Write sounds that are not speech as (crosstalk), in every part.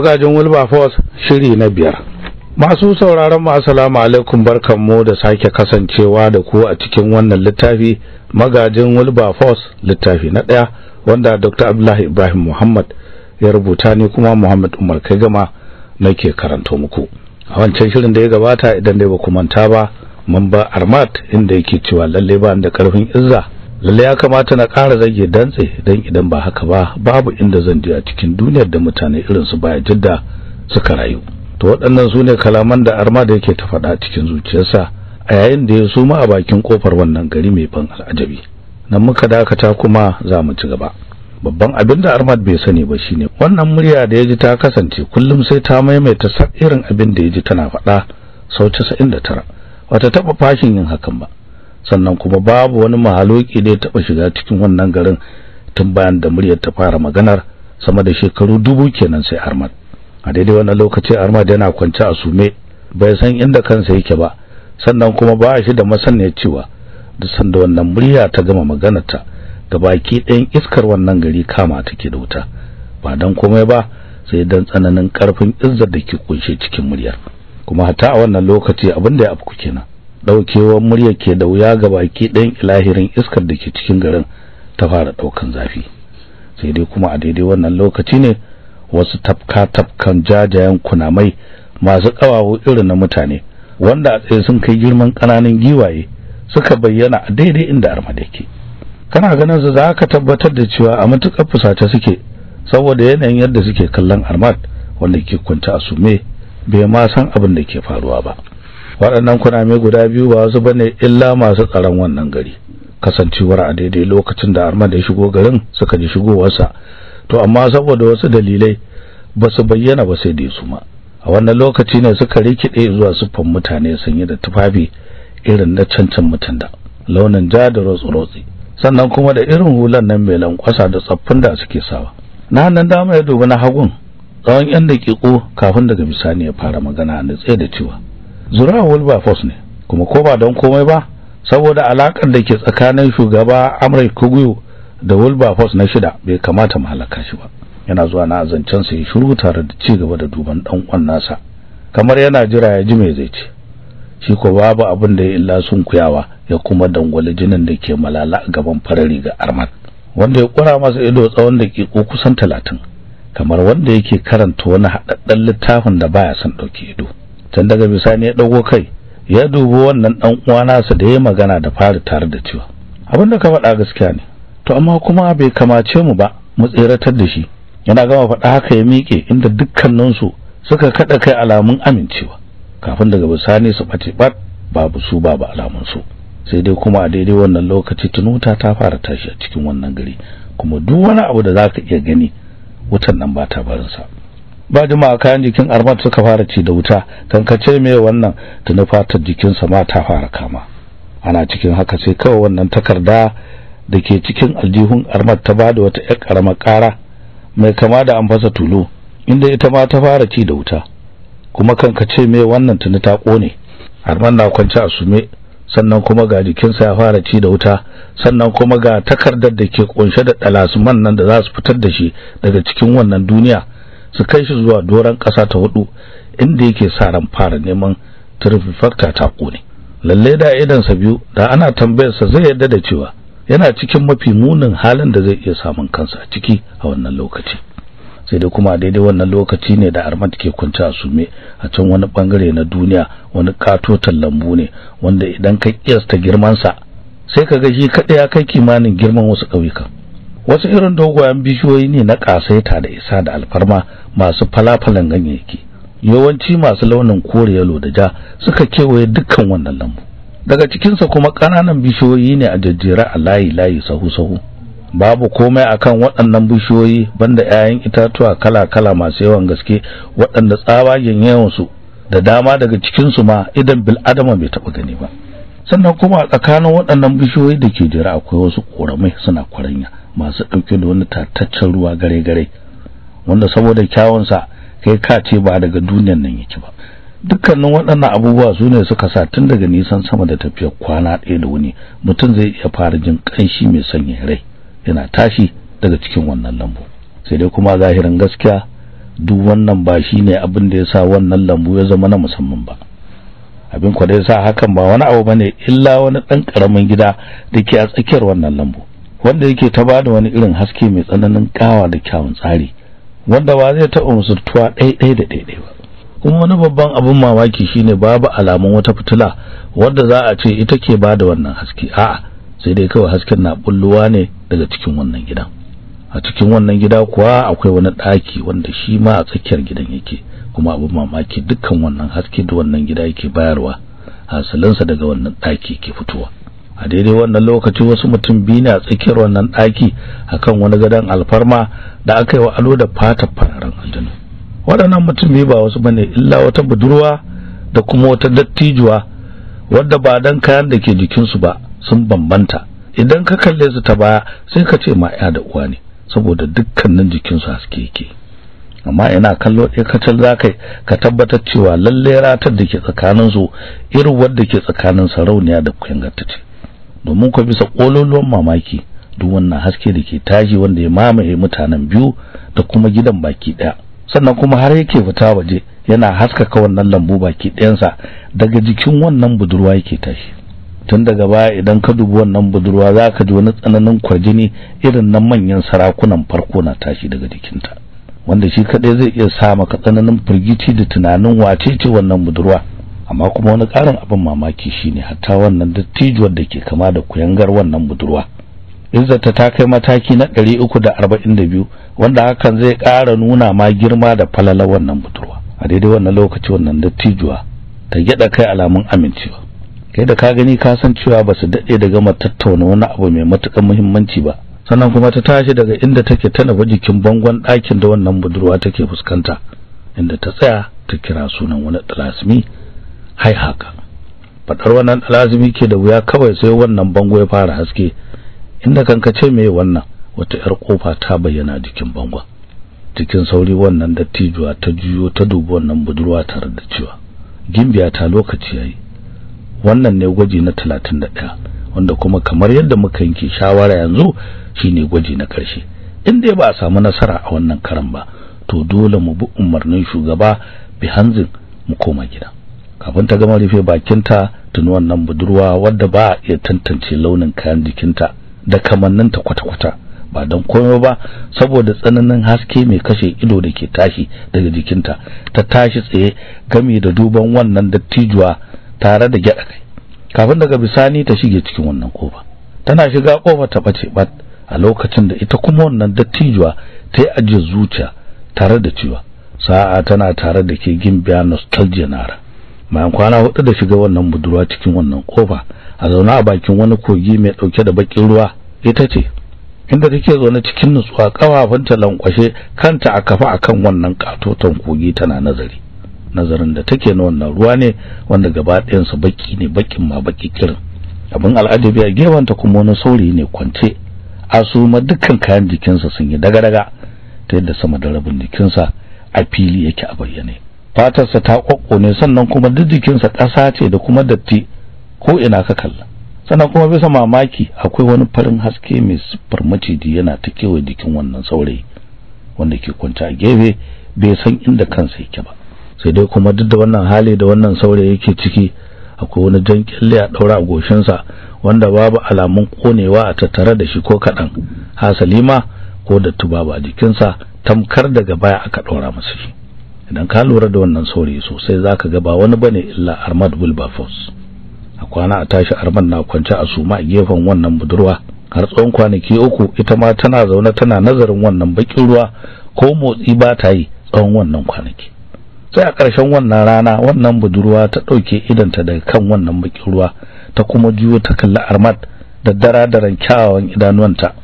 magajin wilberforce shiri na biyar masu sauraron mu assalamu alaikum barkanmu da sake kasancewa da ku a cikin wannan littafi magajin wilberforce littafi na ɗaya wanda dr abdullahi ibrahim muhammad ya rubuta ne kuma muhammad umar kai gama nake karanto muku a wancan shirin da ya gabata idan dai ba ku manta ba mun ba armat inda yake cewa lalle ba da karfin izza lalle ya kamata na ƙara rage dantse don idan ba haka ba babu inda zan je a cikin duniyar da mutane irin su baya jidda suka rayu to waɗannan su ne kalaman da arma da yake ta faɗa cikin zuciyarsa a yayin da ya suma a bakin kofar wannan gari mai ban al'ajabi nan muka dakata kuma za mu ci gaba babban abin da armad bai sani ba shine wannan murya da ya ji ta kasance kullum sai ta maimaita sa irin abin da ya ji tana faɗa sau 99 wata taɓa fashin yin hakan ba sannan kuma babu wani mahaloki da ya taɓa shiga cikin wannan garin tun bayan da muryar ta fara maganar sama da shekaru dubu kenan sai Ahmad a daidai wannan lokaci Ahmad yana kwance a sume bai san inda kansa yake ba sannan kuma ba shi da masaniyar cewa duk sanda wannan murya ta gama maganarta ga baki ɗayan iskar wannan gari kama take da wuta ba dan komai ba sai dan tsananin karfin izzar da ke kunshe cikin muryar kuma hata a wannan lokaci abin da ya afku kenan daukewar murya ke da wuya ga baki ɗayan ilahirin iskar da ke cikin garin ta fara ɗaukan zafi sai dai kuma a daidai wannan lokaci ne wasu tafka tafkan jajayen kunamai masu kawawo irin na mutane wanda a tsaye sun kai girman ƙananan giwaye suka bayyana a daidai inda armada yake kana ganin su za ka tabbatar da cewa a matukar fusace suke saboda yanayin yadda suke kallon armad wanda ke kwanta a sume bai ma san abin da ke faruwa ba waɗannan kunami guda biyu ba wasu bane illa masu tsaron wannan gari kasancewar a daidai lokacin da Ahmad ya shigo garin suka ji shigowarsa to amma saboda wasu dalilai ba su bayyana ba sai dai su ma a wannan lokaci ne suka rikide zuwa siffan mutane sanye da tufafi irin na cancan mutan da launin ja da rotsi-rotsi sannan kuma da irin hulan nan mai lankwasa da tsaffin da suke sawa na hannun dama ya dubi na hagun tsawon yan daƙiƙo kafin daga bisani ya fara magana a nutse da cewa ba fos ne kuma ko ba don komai ba saboda alakar da ke tsakanin shugaba amrai kugu da wilberforce na shida bai kamata mu halaka shi ba yana zuwa na azancen sa ya shiru tare da ci gaba da duban dan uwan nasa kamar yana jira ya ji me zai ce shi ko babu abin da ya illa sun kuyawa ya kuma dangwale jinin da ke malala a gaban farari ga armat wanda ya kura masa ido tsawon daƙiƙo kusan talatin kamar wanda yake karanta wani haɗaɗɗen littafin da baya son ɗauki ido can daga bisani ya dago kai ya dubi wannan dan uwa nasa da ya magana da fara tare da cewa abin da ka faɗa gaskiya ne to amma kuma bai kamace mu ba mu tseratar da shi yana gama faɗa haka ya miƙe inda dukkaninsu suka kaɗa kai alamun amincewa kafin daga bisani su bace bat babu su babu su sai dai kuma a daidai wannan lokaci tunuta ta fara tashi a cikin wannan gari kuma duk wani abu da zaka iya gani wutan nan ba ta barinsa ba jima kayan jikin armat suka fara ci da wuta kankace mai wannan tuni fatar jikinsa ma ta fara kama ana cikin haka sai kawai wannan takarda da ke cikin aljihun armat ta bada wata 'yar karamar kara mai kama da an fasa tulu inda ita ma ta fara ci da wuta kuma kankace mai wannan tuni ta kone armat na kwance a sume sannan kuma ga jikinsa ya fara ci da wuta sannan kuma ga takardar da ke kunshe da dalasuman nan da za su fitar da shi daga cikin wannan duniya su kai shi zuwa doron ƙasa ta hudu inda yake sa ran fara neman turfifakta ta kone lalle da idan sa biyu da ana tambayar sa zai yarda da cewa yana cikin mafi munin halin da zai iya samun kansa ciki a wannan lokaci sai dai kuma daidai wannan lokaci ne da Armand ke kunta a sume a can wani bangare na duniya wani katotan lambu ne wanda idan ka kiyasta girman sa sai kaga shi kada ya kai kimanin girman wasu kauyukan wasu irin dogayen bishiyoyi ne na kasaita da isa da alfarma masu falafalan ganyayyaki yawanci masu launin kore yalo da ja suka kewaye dukkan wannan lambu daga cikinsa kuma ƙananan bishiyoyi ne a jajjera a layi-layi sahu-sahu babu komai akan waɗannan bishiyoyi banda 'ya'yan itatuwa kala-kala masu yawan gaske waɗanda tsabagen yawansu da dama daga cikinsu ma idan bil adama bai taɓa gani ba sannan kuma a tsakanin waɗannan bishiyoyi da ke jira akwai wasu ƙoramai suna kwaranya masu ɗauke da wani tataccen ruwa gare-gare wanda saboda kyawunsa kai ka ce ba daga duniyan nan yake ba dukkanin waɗannan abubuwa su ne suka sa tun daga nisan sama da tafiyar kwana ɗaya da wuni mutum zai iya fara jin ƙanshi mai sanya rai yana tashi daga cikin wannan lambu sai dai kuma zahirin gaskiya duk wannan ba shi ne abin da ya sa wannan lambu ya zama na musamman ba abin kwa da ya sa hakan ba wani abu ba ne illa wani ɗan ƙaramin gida da ke a tsakiyar wannan lambu wanda yake ta bada wani irin haske mai tsananin kawa da kyawun tsari wanda ba zai taɓa musurtuwa ɗaiɗai da ɗaiɗai ba kuma wani babban abin mamaki shine babu alamun wata fitila wadda za a ce ita ke bada wannan haske a'a sai dai kawai hasken na bulluwa ne daga cikin wannan gidan a cikin wannan gida kuwa akwai wani ɗaki wanda shi ma a tsakiyar gidan yake kuma abin mamaki dukkan wannan haske da wannan gida yake bayarwa hasalinsa daga wannan ɗaki ke fitowa a daidai wannan lokaci wasu mutum biyu ne a tsakiyar wannan ɗaki akan wani gadon alfarma da aka yi wa alo da fata fararen aljanu waɗannan mutum biyu ba wasu bane illa wata budurwa da kuma wata dattijuwa wadda ba dan kayan da ke jikinsu ba sun bambanta idan ka kalle su ta baya sai ka ce ma ya da uwa ne saboda dukkanin jikinsu haske yake amma ina kallo ɗaya kacal za kai ka tabbatar cewa lallai ratar da ke tsakaninsu irin wadda ke tsakanin sarauniya da kuyangata ce domin ku bisa kololuwan mamaki duk wannan haske da ke tashi wanda ya mamaye mutanen biyu da kuma gidan baki daya sannan kuma har yake fita waje yana haskaka wannan lambu baki ɗayansa daga jikin wannan budurwa yake tashi tun daga baya idan ka dubi wannan budurwa za ka ji wani tsananin kwarjini irin na manyan sarakunan farko na tashi daga jikinta wanda shi kaɗai zai iya sa maka tsananin firgici da tunanin wacece wannan budurwa amma kuma wani karin abin mamaki shine hatta wannan dattijuwar da ke kama da kuyangar wannan budurwa izzata ta kai mataki na 342 wanda hakan zai ƙara nuna ma girma da falala wannan budurwa a daidai wannan lokaci wannan dattijuwa ta gyada kai alamun amincewa kai da ka gani ka san cewa ba su daɗe da gama tattauna wani abu mai matukar muhimmanci ba sannan kuma ta tashi daga inda take tana ba jikin bangon ɗakin da wannan budurwa take fuskanta inda ta tsaya ta kira sunan wani talasmi hai haka fadar wannan lazimi ke da wuya kawai sai wannan bango ya fara haske inda kanka ce me wannan wata yar kofa ta bayyana jikin bangon cikin sauri wannan dattijuwa ta juyo ta dubi wannan budurwa tare da cewa gimbiya ta lokaci yayi wannan ne gwaji na 31 wanda kuma kamar yadda muka yanke shawara yanzu shine gwaji na karshe inda dai ba a samu nasara a wannan karan ba to dole mu bi umarnin shugaba bi hanzin mu koma gida kafin ta gama rufe bakinta tuni wannan budurwa wadda ba iya tantance launin kayan jikinta da kamanninta kwata-kwata ba don komai ba saboda tsananin haske mai kashe ido da ke tashi daga jikinta ta tashi tsaye game da duban wannan dattijuwa tare da gyaɗa kai kafin daga bisani ta shige cikin wannan kofa tana shiga kofa ta bace bat a lokacin da ita kuma wannan dattijuwa ta yi ajiye zuciya tare da cewa sa'a tana tare da ke gimbiya nostalgia nara bayan kwana hudu da shiga wannan budurwa cikin wannan kofa a zauna a bakin wani kogi mai dauke da bakin ruwa ita ce inda take zaune cikin nutsuwa ta lankwashe kanta a kafa akan wannan katoton kogi tana nazari nazarin da take na wannan ruwa ne wanda gaba ɗayan su baki ne bakin ma baki kirin abin al'ajabi a gefen ta kuma wani sauri ne kwance asuma dukkan kayan jikinsa sun yi daga-daga ta yadda sama da rabin jikinsa a fili yake a bayyane fatarsa ta ne sannan kuma duk jikinsa ƙasa ce da kuma datti ko ina ka kalla sannan kuma bisa mamaki akwai wani farin haske mai siffar maciji yana ta kewaye jikin wannan saurayi wanda ke kwanta a gefe bai san inda kansa yake ba sai dai kuma duk da wannan hali da wannan saurayi yake ciki akwai wani jan kyalle a ɗaura a goshinsa wanda babu alamun konewa a tattare da shi ko kaɗan hasalima ko da tuba ba jikinsa tamkar daga baya aka ɗaura masa shi idan ka lura da wannan sauri sosai zaka ga ba wani bane illa Ahmad Wilberforce a kwana a tashi Ahmad na kwance a suma a gefen wannan budurwa har tsawon kwanaki uku ita ma tana zaune tana nazarin wannan bakin ruwa ko motsi ba ta yi tsawon wannan kwanaki sai a ƙarshen wannan rana wannan budurwa ta ɗauke idanta daga kan wannan bakin ruwa ta kuma juyo ta kalli Ahmad da dara kyawawan idanuwanta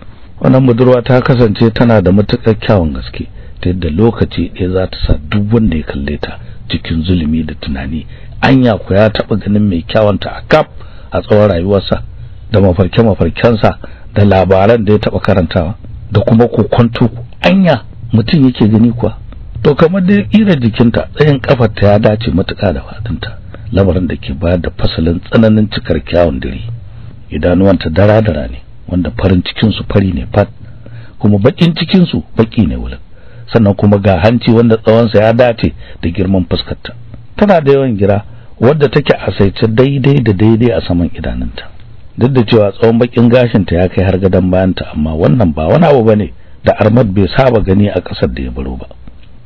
wannan budurwa ta kasance tana da matuƙar kyawun gaske ta yadda lokaci ɗaya za ta sa duk wanda ya kalle ta cikin zulumi da tunani anya ku ya taɓa ganin mai kyawanta a kaf a tsawon rayuwarsa da mafarke-mafarkensa da labaran da ya taɓa karantawa da kuma kokonto anya mutum yake gani kuwa to kamar da ira jikinta tsayin kafarta ya dace matuƙa da fatinta lamarin da ke bayar da fasalin tsananin cikar kyawun dare idanuwanta dara-dara ne wanda farin cikinsu fari ne fat kuma bakin cikinsu baki ne wulin sannan kuma ga hanci wanda tsawonsa ya dace da girman fuskarta tana da yawan gira wadda take a saice daidai da daidai a saman idanunta duk da cewa tsawon bakin gashinta ya kai har gadon bayanta amma wannan ba wani abu bane da Ahmad bai saba gani a kasar da ya baro ba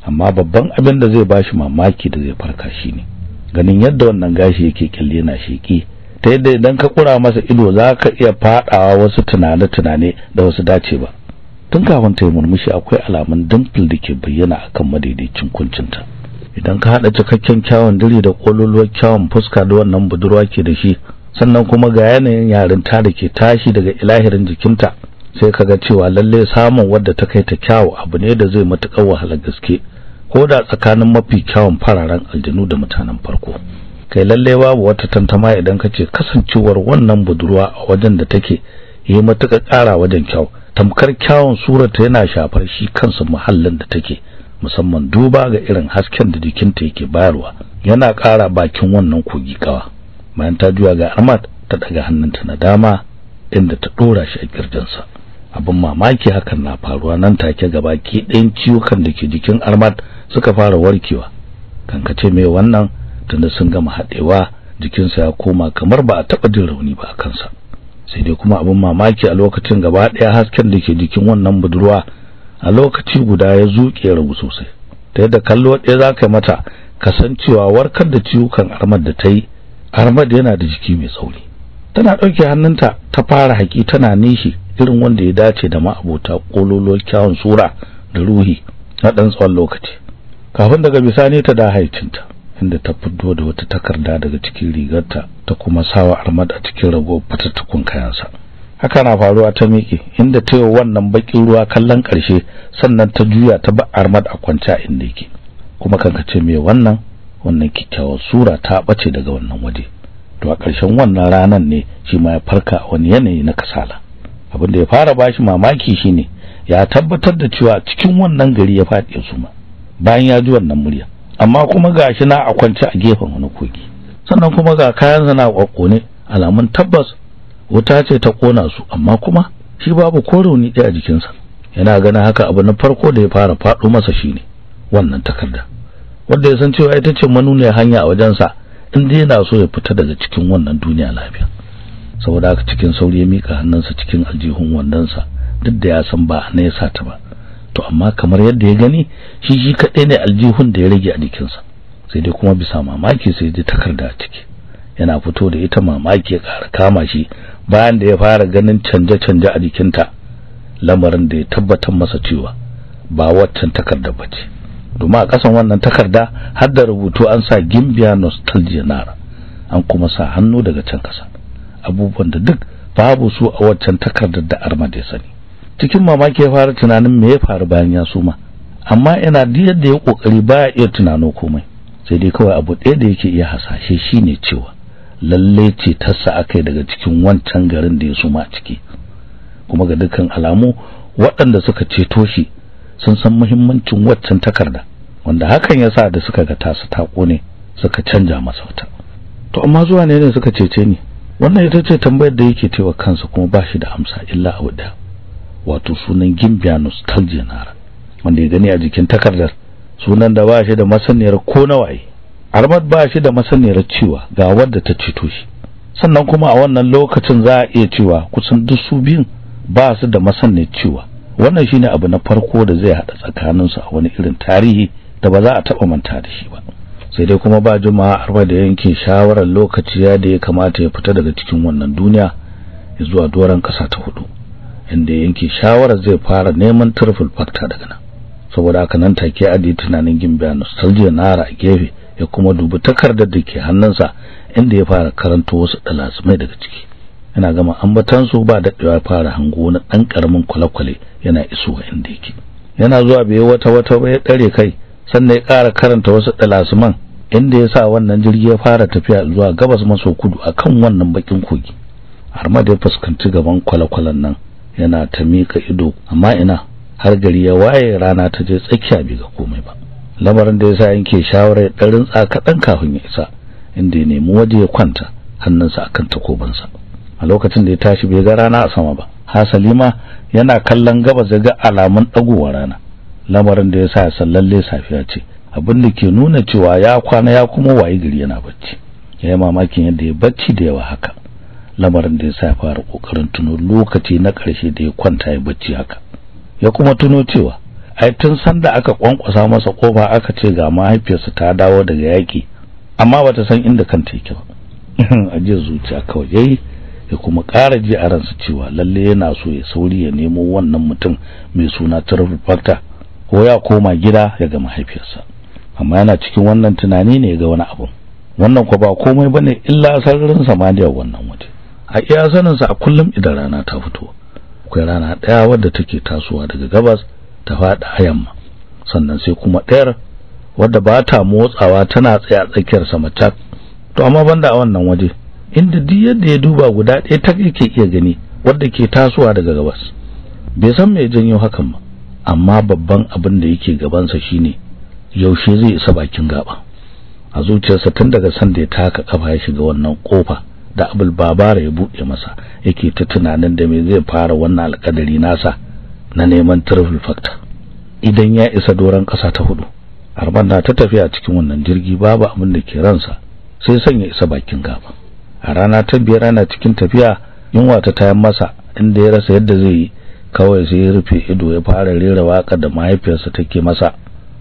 amma babban abin da zai bashi mamaki da zai farka shine ganin yadda wannan gashi yake kyalle na sheki ta yadda idan ka kura masa ido za ka iya faɗawa wasu tunane-tunane da wasu dace ba tun kafin ta yi murmushi akwai alamun dimple da ke bayyana akan madaidaicin kuncinta idan ka haɗa cikakken kyawun dare da kololuwar kyawun fuska da wannan budurwa ke da shi sannan kuma ga yanayin yarinta da ke tashi daga ilahirin jikinta sai ka ga cewa lalle samun wadda ta kai ta kyawu abu ne da zai matuƙar wahala gaske ko da tsakanin mafi kyawun fararen aljanu da mutanen farko kai lalle babu wata tantama idan ka ce kasancewar wannan budurwa a wajen da take yi matukar ƙara wajen kyau tamkar kyawun surata yana shafar shi kansa muhallin da take musamman duba ga irin hasken da jikinta yake bayarwa yana ƙara bakin wannan kogi kawa bayan ta juya ga Ahmad ta daga hannunta na dama inda ta dora shi a kirjinsa abin mamaki hakan na faruwa nan take gaba ke ɗayan ciwukan da ke jikin Ahmad suka fara warkewa kankace mai wannan tunda sun gama haɗewa jikinsa ya koma kamar ba a taɓa jin rauni ba a kansa sai dai kuma abin mamaki a lokacin gaba ɗaya hasken da ke jikin wannan budurwa a lokaci guda ya zuƙe ragu sosai ta yadda kallo ɗaya za ka mata kasancewa warkar da ciwukan armad da ta yi armad yana da jiki mai tsauri tana ɗauke hannunta ta fara haƙi tana nishi irin wanda ya dace da ma'abota ƙololo kyawun sura da ruhi na ɗan tsawon lokaci kafin daga bisani ta da haicinta inda ta fito da wata takarda daga cikin rigarta ta kuma sawa Ahmad a cikin ragowar fatattukun kayansa haka na faruwa ta miƙe inda ta yi wannan baƙin ruwa kallon ƙarshe sannan ta juya ta ba Ahmad a kwanta inda yake kuma kanka ce me wannan wannan kyakkyawar sura ta ɓace daga wannan waje to a ƙarshen wannan ranan ne shi ma ya farka wani yanayi na kasala abin da ya fara bashi mamaki shine ya tabbatar da cewa cikin wannan gari ya faɗi ya bayan ya ji wannan murya amma kuma gashi na a kwance a gefen wani kogi sannan kuma ga kayan zana kwakkone alamun tabbas wuta ce ta kona su amma kuma shi babu ko rauni ɗaya a jikinsa yana ganin haka abu na farko da ya fara faɗo masa shi ne wannan takarda wanda ya san cewa ita ce manuniyar hanya a wajensa in dai yana so ya fita daga cikin wannan duniya lafiya saboda haka cikin sauri ya mika hannunsa cikin aljihun sa duk da ya san ba na ya sa ta ba to amma kamar yadda ya gani shi shi kaɗai ne aljihun da ya rage a jikinsa sai dai kuma bisa mamaki sai ji takarda ciki yana fito da ita mamaki ya ƙara kama shi bayan da ya fara ganin canje-canje a jikinta lamarin da ya tabbatar masa cewa ba waccan takarda ba ce domin a ƙasan wannan takarda har da rubutu an sa gimbiya nostalgia nara an kuma sa hannu daga can kasa abubuwan da duk babu su a waccan takardar da armad ya sani cikin mamaki ya fara tunanin me ya faru bayan ya suma amma yana da yadda ya kokari baya iya tunano komai sai dai kawai abu ɗaya da yake iya hasashe shine cewa lalle ce tassa akai daga cikin wancan garin da ya suma ciki kuma ga dukkan alamu waɗanda suka ceto shi sun san muhimmancin waccan takarda wanda hakan ya sa da suka ga tasu taƙo ne suka canja masa wata to amma zuwa ne ne suka cece ni wannan ita ce tambayar da yake cewa kansa kuma ba shi da amsa illa abu ɗaya wato sunan Gimbiya Nostalgia Nara wanda ya gani a jikin takardar sunan da ba shi da masaniyar ko nawaye armat ba shi da masaniyar cewa ga wadda ta cito shi sannan kuma a wannan lokacin za a iya cewa kusan duk su biyun ba su da masaniyar cewa wannan shine abu na farko da zai haɗa su a wani irin tarihi da ba za a taba manta da shi ba sai dai kuma ba juma'a arba da yanke shawarar lokaci ya da ya kamata ya fita daga cikin wannan duniya zuwa doron ƙasa ta hudu inda yanke shawarar zai fara neman turful fakta daga nan saboda haka nan take dai tunanin gimbiya nostalgia nara a gefe ya kuma dubi takardar da ke hannunsa inda ya fara karanto wasu dalasmai daga ciki yana gama ambatan su ba daɗewa fara hango na ɗan karamin kwale-kwale yana isowa inda yake yana zuwa bai wata wata ya dare kai sannan ya ƙara karanta wasu dalasman inda ya sa wannan jirgi ya fara tafiya zuwa gabas maso kudu akan wannan bakin kogi har ma da ya fuskanci gaban kwale nan yana ta mika ido amma ina har gari ya waye rana ta je tsakiya bai ga komai ba lamarin da yasa yanke shawarar ɗarin tsakaɗan kafin ya isa inda ya nemi waje ya kwanta hannunsa akan takobansa a lokacin da ya tashi bai ga rana a sama ba hasali yana kallon gabas ya ga alamun ɗagowa rana lamarin da yasa ya san lalle safiya ce abin da ke nuna cewa ya kwana ya kuma waye gari yana bacci ya yi mamakin yadda ya bacci da yawa haka lamarin da yasa ya fara ƙoƙarin tuno lokaci na ƙarshe da ya kwanta ya bacci haka ya kuma tuno cewa ai tun sanda aka kwankwasa masa kofa aka ce ga mahaifiyarsa ta dawo daga yaƙi amma bata san inda kanta yake ba a (laughs) aje zuciya kawai yayi ya kuma ƙara ji a ransa cewa lalle yana so ya sauri ya nemo wannan mutum mai suna Trevor fakta ko ya koma gida ya ga mahaifiyarsa amma yana cikin wannan tunani ne ga wani abu wannan ko ba komai bane illa sararin samaniya wannan waje a iya sanin sa a kullum idan rana ta fito akwai rana ɗaya wadda take tasowa daga gabas ta faɗa yamma sannan sai kuma ɗayar wadda ba ta motsawa tana tsaya tsakiyar sama tak to amma banda a wannan waje inda duk yadda ya duba guda ɗaya tak yake iya gani wadda ke tasowa daga gabas bai san me janyo hakan ba amma babban abin da yake gabansa shine yaushe zai isa bakin gaba a zuciyarsa tun daga san da ya taka kafa ya shiga wannan kofa da abul babara ya buɗe masa yake ta tunanin da me zai fara wannan alƙadari nasa na neman travel factor idan ya isa doron ƙasa ta hudu arban na ta tafiya cikin wannan jirgi babu abin da ke ransa sai sanya isa bakin gaba a rana ta biyar ana cikin tafiya yunwa ta tayan masa inda ya rasa yadda zai yi kawai sai ya rufe ido ya fara rera waka da mahaifiyarsa take masa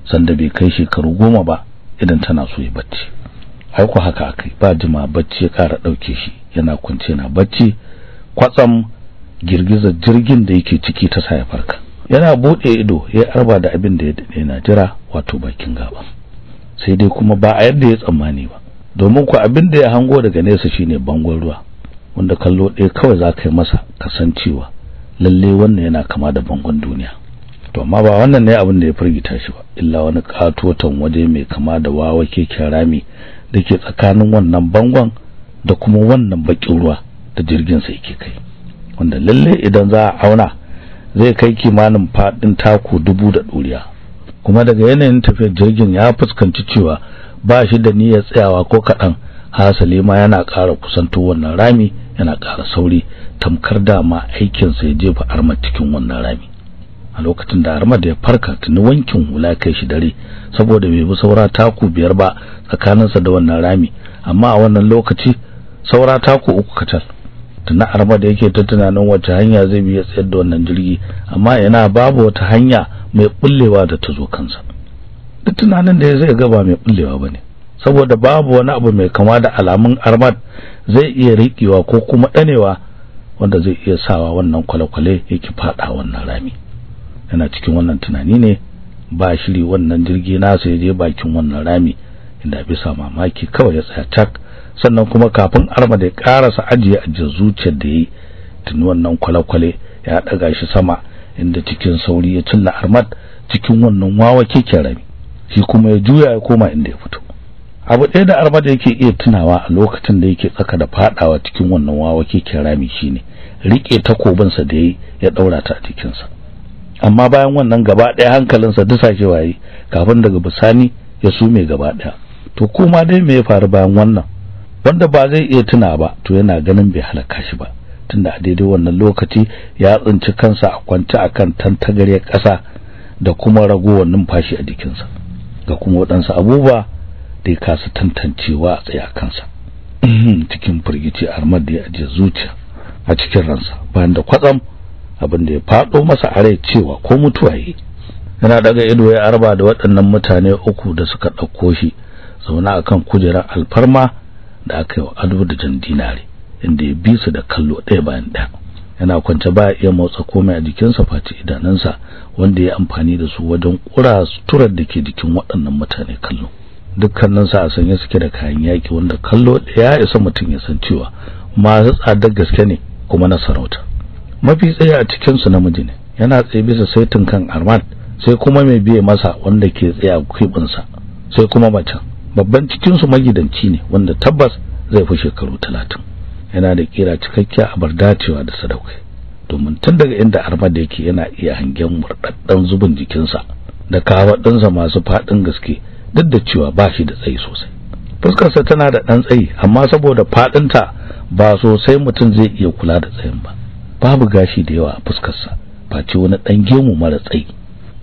sanda bai kai shekaru goma ba idan tana so ya bacci ku haka akai ba jima bacci ya kara dauke shi yana kwance na bacci kwatsam girgiza jirgin da yake ciki ta sa ya farka yana bude ido ya arba da abin da ya na jira wato bakin gaba sai dai kuma ba a yadda ya tsammani ba domin ku abin da ya hango daga nesa shine bangon ruwa wanda kallo ɗaya kawai za ka yi masa kasancewa lalle wannan yana kama da bangon duniya to amma ba wannan ne abin da ya firgita shi ba illa wani katuwatan waje mai kama da wawa keken rami da ke tsakanin wannan bangon da kuma wannan bakin ruwa da jirgin sa yake kai wanda lalle idan za a auna zai kai kimanin faɗin taku dubu da ɗuriya. kuma daga yanayin tafiyar jirgin ya fuskanci cewa ba shi da niyyar tsayawa ko kaɗan hasali ma yana ƙara kusanto wannan rami yana ƙara sauri tamkar dama aikinsa ya jefa armar cikin wannan rami a lokacin da Ahmad ya farka tuni wankin hula kai shi dare saboda bai bi saura taku biyar ba tsakaninsa da wannan rami amma a wannan lokaci saura taku uku kacal tuni Ahmad yake ta tunanin wace hanya zai bi ya tsayar da wannan jirgi amma yana babu wata hanya mai bullewa da ta zo kansa duk tunanin da ya zai ga ba mai bullewa bane saboda babu wani abu mai kama da alamun armad zai iya riƙewa ko kuma danewa wanda zai iya sawa wannan kwale-kwale yake fada wannan rami yana cikin wannan tunani ne ba shiri wannan jirgi nasa ya je bakin wannan rami inda bisa mamaki kawai ya tsaya tak sannan kuma kafin arma da ya karasa ajiye a zuciyar da yi tun wannan kwale-kwale ya daga shi sama inda cikin sauri ya cilla armat cikin wannan wawa keke rami shi kuma ya juya ya koma inda ya fito abu ɗaya da armat yake iya tunawa a lokacin da yake tsaka da fadawa cikin wannan wawa keke rami shine rike takobinsa da yi ya daura ta a cikinsa amma bayan wannan gaba ɗaya hankalinsa shi waye kafin daga bisani ya su me gaba ɗaya to kuma dai me ya faru bayan wannan wanda ba zai iya tuna ba to yana ganin bai halaka shi ba tunda a daidai wannan lokaci ya tsinci kansa a kwance akan tantagariyar ƙasa da kuma ragowar numfashi a jikinsa ga kuma waɗansu abubuwa da ya kasa tantancewa a tsaye a kansa (clears throat) cikin firgici armar da ya ajiye zuciya a cikin ransa bayan da kwatsam abin da ya fado masa a rai cewa ko mutuwa yana daga ido ya arba da waɗannan mutane uku da suka ɗauko shi zauna akan kujerar alfarma da aka yi wa ado da jan dinare inda ya bi su da kallo ɗaya bayan ɗaya yana kwance ba iya motsa komai a jikinsa face idanunsa wanda ya amfani da su wajen ƙura suturar da ke jikin waɗannan mutane kallo dukkaninsa a sanye suke da kayan yaƙi wanda kallo ɗaya ya isa mutum ya san cewa masu tsadar gaske ne kuma na sarauta mafi tsaye a cikin su namiji ne yana tsaye bisa saitin kan armad sai kuma mai biye masa wanda ke tsaye a sa sai kuma macen babban cikin su magidanci ne wanda tabbas zai fi shekaru talatin yana da kira cikakkiya bar dacewa da sadaukai domin tun daga inda armad yake yana iya hangen murɗaɗɗen zubin jikinsa da sa masu faɗin gaske duk da cewa ba shi da tsayi sosai Fuskar sa tana da ɗan tsayi amma saboda faɗinta ba sosai mutum zai iya kula da tsayin ba babu gashi da yawa a fuskarsa face wani ɗan gemu mara tsayi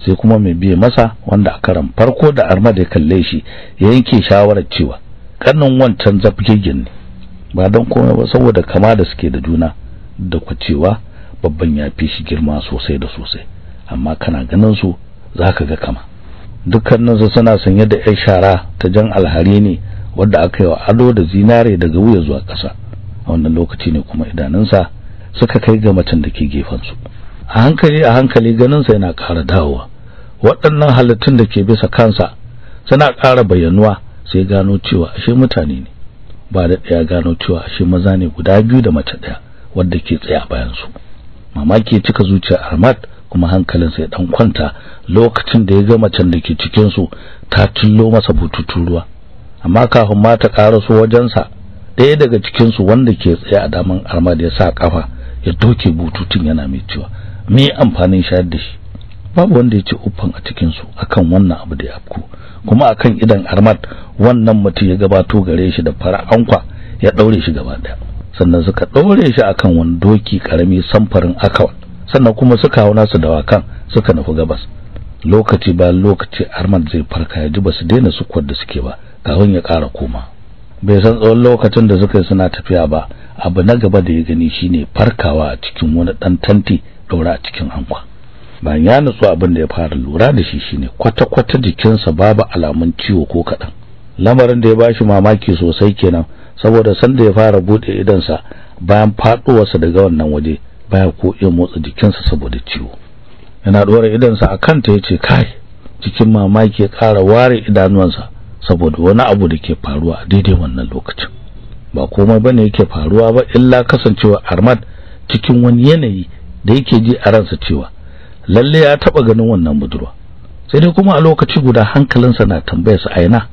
sai kuma mai biye masa wanda a karan farko da armada ya kalle shi ya yanke shawarar cewa kannan wancan zafgegen ne ba don komai ba saboda kama da suke da juna da kwacewa babban ya fi shi girma sosai da sosai amma kana ganin su zaka ga kama su suna sanye da yar shara ta jan alhari ne wadda aka yi wa ado da zinare daga wuya zuwa ƙasa a wannan lokaci ne kuma idanunsa suka kai ga macen da ke gefen su a hankali a hankali ganinsa yana ƙara dawowa waɗannan halittun da ke bisa kansa suna ƙara bayyanuwa sai gano cewa ashe mutane ne ba da ɗaya gano cewa ashe maza ne guda biyu da mace ɗaya wadda ke tsaye a su. mamaki ya cika zuciyar ahmad kuma hankalinsa ya ɗan kwanta lokacin da ya ga macen da ke cikinsu ta tullo masa bututun ruwa amma kafin ma ta ƙaraso wajensa ɗaya daga cikinsu wanda ke tsaye a daman armad ya sa ƙafa ya doke bututun yana mai cewa me amfanin shayar da shi babu wanda ya ce uffan a cikin su akan wannan abu da ya afku kuma akan idan armat wannan mutum ya gabato gare shi da fara ankwa ya daure shi gaba daya sannan suka daure shi akan wani doki karami samfarin akawa sannan kuma suka hau nasu wakan suka nufi gabas lokaci ba lokaci armat zai farka ya ji ba su daina sukwar da suke ba kafin ya ƙara koma bai san tsawon lokacin da suka yi suna tafiya ba abu na gaba da ya gani shine farkawa a cikin wani dan tanti daura a cikin hankwa bayan ya nutsu abin da ya fara lura da shi shine kwata-kwata jikinsa babu alamun ciwo ko kaɗan lamarin da ya bashi mamaki sosai kenan saboda sanda ya fara buɗe idonsa bayan faɗowarsa daga wannan waje baya ko iya motsa jikinsa saboda ciwo yana ɗora idonsa a kanta ya ce kai cikin mamaki ya ƙara ware idanuwansa saboda wani abu da ke faruwa a daidai wannan lokacin ba komai bane yake faruwa ba illa kasancewa Ahmad cikin wani yanayi da yake ji a ransa cewa lalle ya taba ganin wannan budurwa sai dai kuma a lokaci guda hankalinsa na tambayar su aina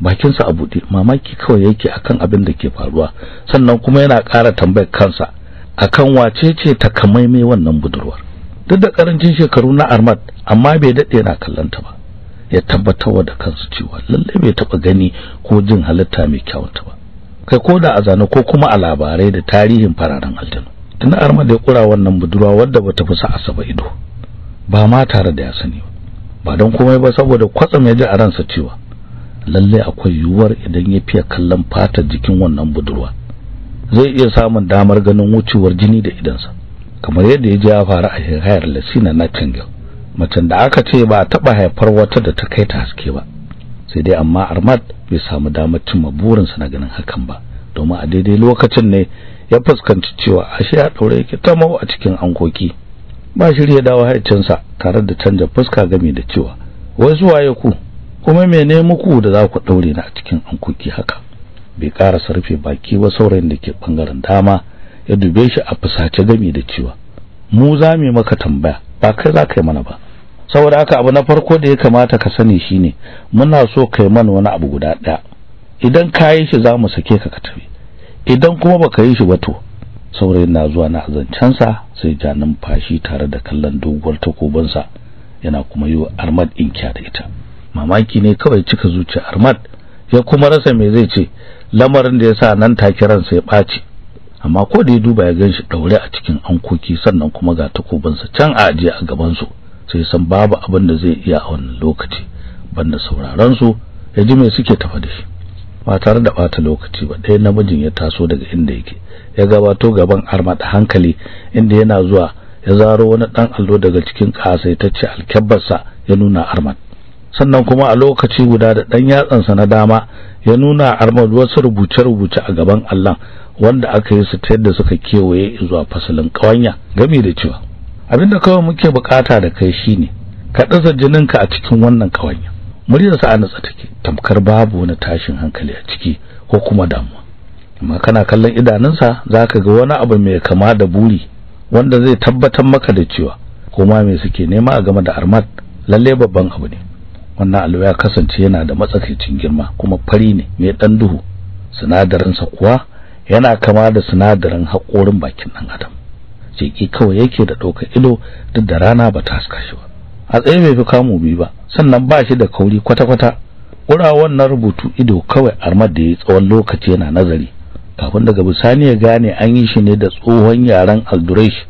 bakinsa a buɗe mamaki kawai yake akan abin da ke faruwa sannan kuma yana ƙara tambayar kansa akan wace ce takamaimai wannan budurwar duk da karancin shekaru na Armad amma bai dade yana kallanta ba ya tabbatar da kansu cewa lalle bai taba gani ko jin halitta mai kyauta ba kai ko da a zane ko kuma a labarai da tarihin fararen aljanu tun arma da ya kura wannan budurwa wadda bata fi sa asaba ido ba ma tare da ya sani ba Ba don komai ba saboda kwatsam ya ji a ransa cewa lalle akwai yuwar idan ya fiye kallon fatar jikin wannan budurwa zai iya samun damar ganin wucewar jini da idansa kamar yadda ya ji ya faru a hayar lasina na Tengel macen da aka ce ba taba haifar wata da ta kai ta haske ba sai dai amma Armad bai samu damar cimma burinsa na ganin hakan ba domin a daidai lokacin ne ya fuskanci cewa ashe ya daure yake mau a cikin ankoki ba shirye dawo haicinsa tare da canja fuska game da cewa wai zuwa ya ku kuma mene muku da za ku ɗaure ni a cikin ankoki haka bai ƙara sarfe baki ba saurayin da ke ɓangaren dama ya dube shi a fusace game da cewa mu za mu maka tambaya ba kai za ka yi mana ba saboda haka abu na farko da ya kamata ka sani shine muna so kai mana wani abu guda ɗaya idan ka yi shi za mu sake ka ka tafi idan kuma baka yi shi ba to saurayin na zuwa na sa sai ja numfashi tare da kallon doguwar sa yana kuma yi armad armad inkiya da ita mamaki ne kawai cika zuciya armad ya kuma rasa me zai ce lamarin da ya sa nan take ransa ya ɓaci amma ko da ya duba ya gan shi ɗaure a cikin ankoki sannan kuma ga takobansa can a ajiye a gabansu sai san babu abin da zai iya a wannan lokaci banda sauraron su ya ji me suke tafa da shi ba tare da bata lokaci ba ɗaya namijin ya taso daga inda yake ya gabato gaban armada hankali inda yana zuwa ya zaro wani dan allo daga cikin kasaitacce alkebbarsa ya nuna armad sannan kuma a lokaci guda da dan yatsansa na dama ya nuna armad wasu rubuce-rubuce a gaban allon wanda aka yi su ta yadda suka kewaye zuwa fasalin ƙawanya gami da cewa abinda kawai muke bukata da kai shine ka dasa jininka a cikin wannan kawanya muryar a natsa take tamkar babu wani tashin hankali a ciki ko kuma damuwa amma kana kallon idanunsa zaka ga wani abu mai kama da buri wanda zai tabbatar maka da cewa koma me suke nema a game da armat lalle babban abu ne wannan alwaya ya kasance yana da matsakaicin girma kuma fari ne mai dan duhu sinadarinsa kuwa yana kama da sinadarin hakorin bakin ɗan adam jeki kawai yake da ɗaukar ido duk da rana ba ta haska shi ba a tsaye bai fi kamu biyu ba sannan ba shi da kauri kwata-kwata ƙurawan na rubutu ido kawai armar da ya tsawon lokaci yana nazari kafin daga bisani ya gane an yi shi ne da tsohon yaren alduresh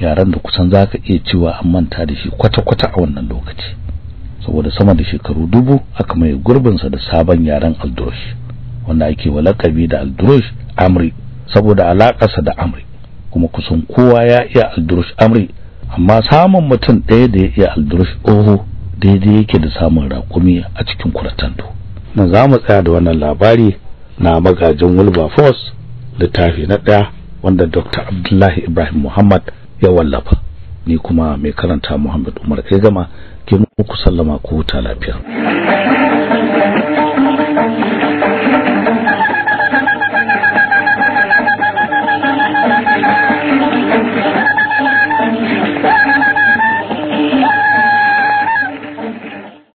yaren da kusan za ka iya cewa an manta da shi kwata-kwata a wannan lokaci saboda sama da shekaru dubu aka mai sa da sabon yaren alduresh wanda ake wa lakabi da alduresh amri saboda alaƙarsa da amri kuma kusan kowa ya iya aldurush amri amma samun mutum ɗaya da ya iya aldurush oho daidai yake da samun raƙumi a cikin kuratando na za mu tsaya da wannan labari na magajin wilberforce littafi na ɗaya wanda dr abdullahi ibrahim muhammad ya wallafa ni kuma mai karanta muhammad umar kai gama ke muku sallama ko huta lafiya